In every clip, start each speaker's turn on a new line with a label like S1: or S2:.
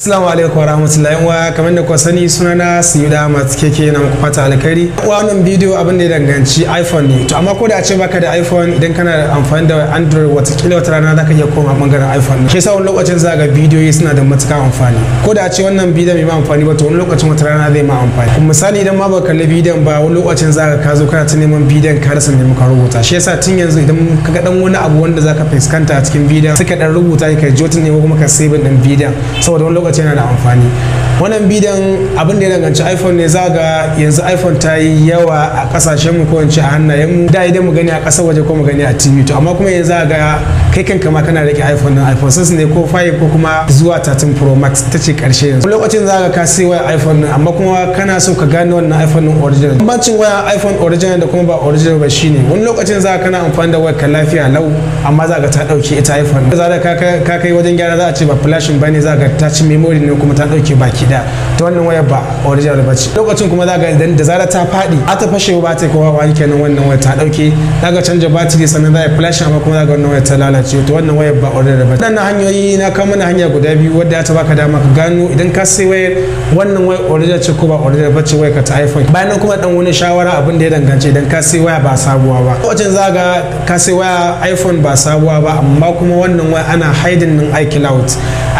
S1: Assalamu alaikum warahmatullahi wa kamar da ku sani sunana Siyuda Mat keke na muku fata alkhairi. Wannan bidiyo abin da ya danganci iPhone ne. To amma ko da a ce baka da iPhone idan kana amfani da Android watakila wata rana zaka iya koma bangaren iPhone. Ke sa wani lokacin za ga bidiyo suna da matuka amfani. Ko da a ce wannan bidiyo bai ma amfani ba to wani lokacin wata rana zai ma amfani. misali idan ma ba kalli bidiyon ba wani lokacin za ka zo kana ta neman bidiyon ka rasa ne ka rubuta. Shi yasa tun yanzu idan ka ga dan wani abu wanda zaka fuskanta a cikin bidiyon ka dan rubuta ka jotin ne ko kuma ka save dan bidiyon saboda wani lokaci yana da amfani wannan bidan abin da ya danganci iphone ne za ga yanzu iphone ta yi yawa a kasashen mu ko in ce a hannayen mu da idan mu gani a kasar waje ko mu gani a tv to amma kuma yanzu za ga kai kanka ma kana rike iphone din iphone 6 ne ko 5 ko kuma zuwa 13 pro max ta ce karshe yanzu lokacin za ga ka sai waya iphone din amma kuma kana so ka gane wannan iphone din original bambancin waya iphone original da kuma ba original ba shine wani lokacin za ga kana amfani da waya ka lafiya lau amma za ga ta dauke ita iphone za ka kai wajen gyara za a ce ba flashin bane za ga ta ci memory ne kuma ta dauke baki da ta wannan wayar ba original ba ce lokacin kuma za ga da zara ta faɗi a ta fashe ba ta kowa wani kenan wannan wayar ta dauke za ga canja batiri sannan za a flash amma kuma za ga wannan wayar ta lalace to wannan wayar ba original ba wannan hanyoyi na kama na hanya guda biyu wadda ta baka dama ka gano idan ka sai wayar wannan wayar original ce ko ba original ba ce wayar ka ta iphone bayan kuma dan wani shawara abin da ya danganci idan ka sai waya ba sabuwa ba lokacin za ga ka sai waya iphone ba sabuwa ba amma kuma wannan waya ana haidin din icloud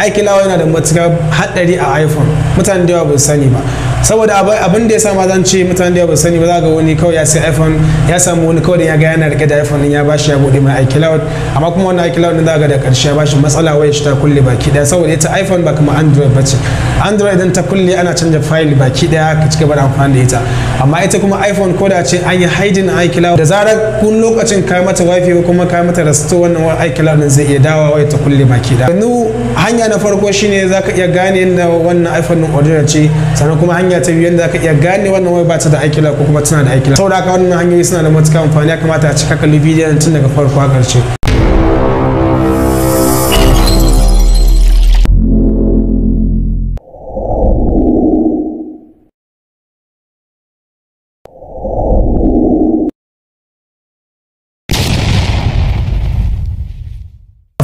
S1: icloud yana da matuƙar haɗari a iphone mutane da yawa ba sani ba saboda abin da ya sa ma zan ce mutane da ba sani ba za ga wani kawai ya sai iphone ya samu wani kawai ya ga yana rike da iphone ya ya shi ya bude mai icloud amma kuma wannan icloud din za ga da karshe ya ba shi matsala waya shi ta kulle baki daya saboda ita iphone ba kuma android ce android din ta kulle ana canja file baki daya ka cika bar amfani da ita amma ita kuma iphone ko da ce an yi hiding icloud da zarar kun lokacin ka mata wifi ko kuma ka mata rasto wannan icloud din zai iya dawa waya ta kulle baki daya yanzu hanya na farko shine zaka iya gane wannan iphone din original ce sannan kuma hanya hanya ta biyu yadda zaka iya gane wannan wai bata ta da aikila ko kuma tana da aikila saboda haka wannan hanyoyi suna da matuƙar amfani ya kamata a cika kalli bidiyon tun daga farko a ƙarshe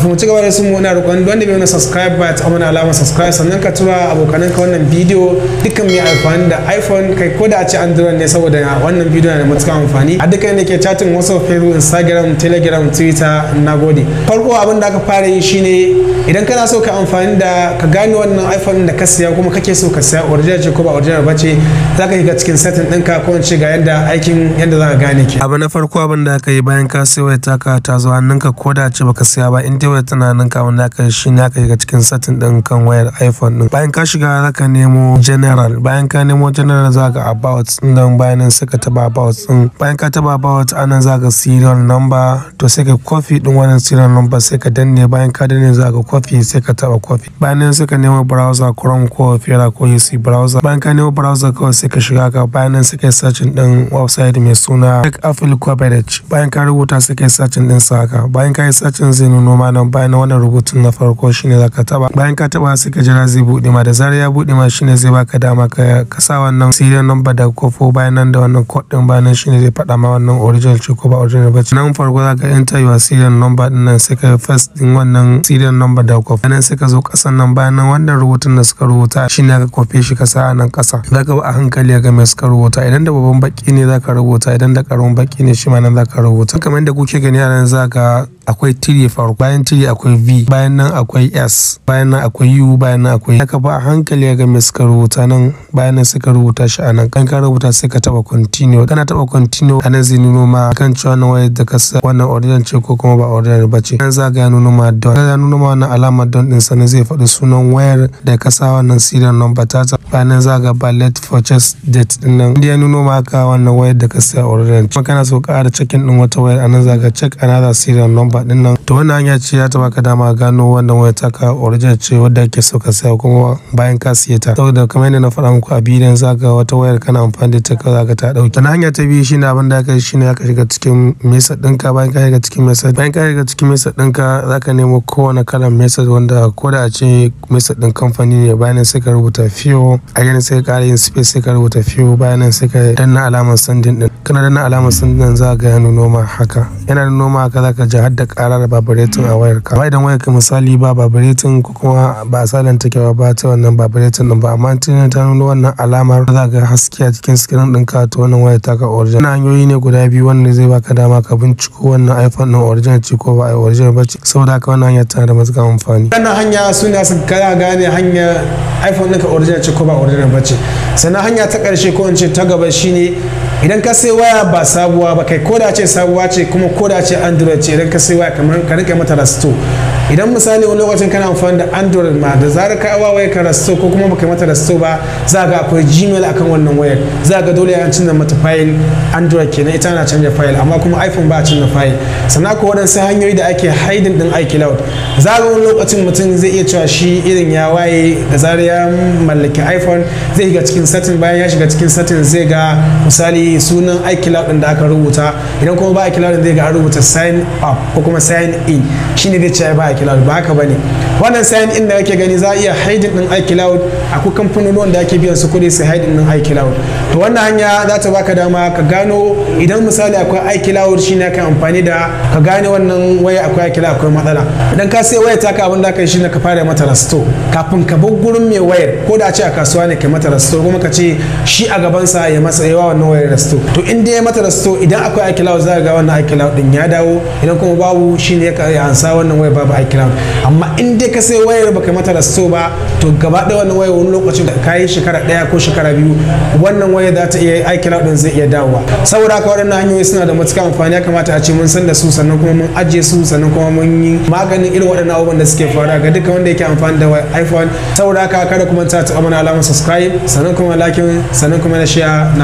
S1: kafin mu ci gaba da sun muna roƙon wanda bai wani subscribe ba ta mana alama subscribe sannan ka tura abokanan ka wannan bidiyo dukkan mai amfani da iphone kai ko da a ce android ne saboda wannan bidiyo na da matuƙar amfani a dukkan da ke chatin wasu facebook instagram telegram twitter na gode farko abin da aka fara yi shine idan kana so ka amfani da ka gane wannan iphone da ka siya kuma kake so ka siya original ce ko ba original ba ce za ka shiga cikin setting ɗinka ko in ce ga yadda aikin yadda za ka gane ki
S2: abu na farko abin da aka yi bayan ka siya waya taka ta zo hannunka ko da ce baka siya ba in dai saboda nan kamun naka shi naka shiga cikin satin din kan wayar iphone din bayan ka shiga za ka nemo general bayan ka nemo general za ka about din don bayan nan suka taba about din bayan ka taba about anan za ka serial number to sai ka copy din wannan serial number sai ka danne bayan ka danne za ka copy sai ka taba copy bayan nan sai ka nemo browser chrome ko fira ko uc browser bayan ka nemo browser kawai sai ka shiga ka bayan nan sai ka searching din website mai suna check apple coverage bayan ka rubuta sai ka searching din saka bayan ka yi searching zai nuno mana baya na wannan rubutun na farko shine zaka taba bayan ka taba sai ka jira zai bude ma da zarar ya bude ma shine zai baka dama ka kasa wannan serial number da kofo bayan nan da wannan code din bayan nan shine zai faɗa ma wannan original ce ko ba original ba nan farko zaka enter your serial number din nan sai ka first din wannan serial number da kofo nan sai ka zo kasan nan bayan nan wannan rubutun da suka rubuta shine ka kofe shi ka sa a nan kasa zaka ba a hankali ga mai suka rubuta idan da babban baki ne zaka rubuta idan da karamin baki ne shi ma nan zaka rubuta kamar yadda kuke gani a nan zaka akwai tiri farko bayan tiri akwai v bayan nan akwai s bayan nan akwai u bayan nan akwai haka ba a hankali ga mai suka rubuta nan bayan nan suka rubuta shi a nan kan ka rubuta sai ka taba continue kana taba continue a nan zai nuno ma kan cewa na wayar da ka sa wannan ordinal ce ko kuma ba ordinal ba ce nan za ga nuno ma don ya nuno ma wannan alamar don din sannan zai faɗi sunan wayar da ka sa wannan serial number ta ta bayan nan za ga ballet for purchase date din nan ya nuno ma ka wannan wayar da ka sa ordinal kuma kana so ƙara cikin din wata wayar a nan za ga check another serial number number din nan to wannan hanya ce ya taba ka dama gano wannan ta taka original ce wadda ake so ka saya kuma bayan ka siye ta saboda kamar yadda na faɗa muku a bidiyon ka wata wayar kana amfani da ta za ka ta dauki wannan hanya ta biyu shine abin da aka shine aka shiga cikin mesa ɗinka bayan ka shiga cikin message bayan ka shiga cikin mesa ɗinka ka nemo kowane kalan message wanda ko da a ce message ɗin kamfani ne bayan sai ka rubuta fiyo a gani sai ka ƙara yin space sai ka rubuta fiyo bayan nan sai ka danna alamar sandin din kana danna alamar sandin za ka ga ya noma haka yana noma haka ka ji har da karar vibrating a wayar ka idan wayar ka misali ba vibrating ko kuma ba a take kewa ba ta wannan vibrating din ba amma tana ta nuna wannan alamar za ka haske a cikin screen din ka to wannan wayar ta ka original hanyoyi ne guda biyu wanda zai baka dama ka binciko wannan iPhone din original ce ko ba original ba ce saboda haka wannan hanyar tana da matuƙar amfani
S1: wannan hanya suna su kana gane hanya iPhone ka original ce ko ba original ba ce sannan hanya ta ƙarshe ko in ce ta gaba shine idan ka sai waya ba sabuwa ba kai koda ce sabuwa ce kuma koda ce android ce idan ka sai waya kamar ka rike mata rasto idan misali wani lokacin kana amfani da android ma da zarar ka awa wayar ka rasto ko kuma baka mata rasto ba za ga akwai gmail akan wannan wayar za ga dole an cinna mata file android kenan ita na canja fayil amma kuma iphone ba a canza sannan ko waɗansu hanyoyi da ake haidin din icloud za ga wani lokacin mutum zai iya cewa shi irin ya waye da zarar ya mallaki iphone zai shiga cikin setting bayan ya shiga cikin setting zai ga misali sunan icloud din da aka rubuta idan kuma ba icloud din zai ga an rubuta sign up ko kuma sign in shine zai ce ba akilawud ba haka bane wannan sayan din da kake gani za a iya haidin din akilawud akwai kamfanonin da ake biyan su kuɗi su haidin din akilawud to wannan hanya za ta baka dama ka gano idan misali akwai aiki lawur shi ne ka amfani da ka gane wannan waya akwai aiki akwai matsala idan ka sai waya ka abin da ka yi shi ne ka fara mata rasto kafin ka bar gurin mai wayar ko da a ce a kasuwa ne ka mata rasto kuma ka ce shi a gabansa ya matsa yawa wannan wayar rasto to in dai ya mata rasto idan akwai aiki lawur za ka ga wannan aiki lawur din ya dawo idan kuma babu shi ne ya ansa wannan wayar babu aiki lawur amma in dai ka sai wayar baka mata rasto ba to gaba ɗaya wannan wayar wani lokacin ka yi shekara ɗaya ko shekara biyu wannan wayar waya za ta iya aikin ɗin zai iya dawowa saboda haka waɗannan hanyoyi suna da matuƙar amfani ya kamata a ce mun san da su sannan kuma mun ajiye su sannan kuma mun yi maganin irin waɗannan abubuwan da suke faruwa ga duka wanda yake amfani da iphone saboda haka kada kuma ta taɓa mana alamar subscribe sannan kuma like sannan kuma na share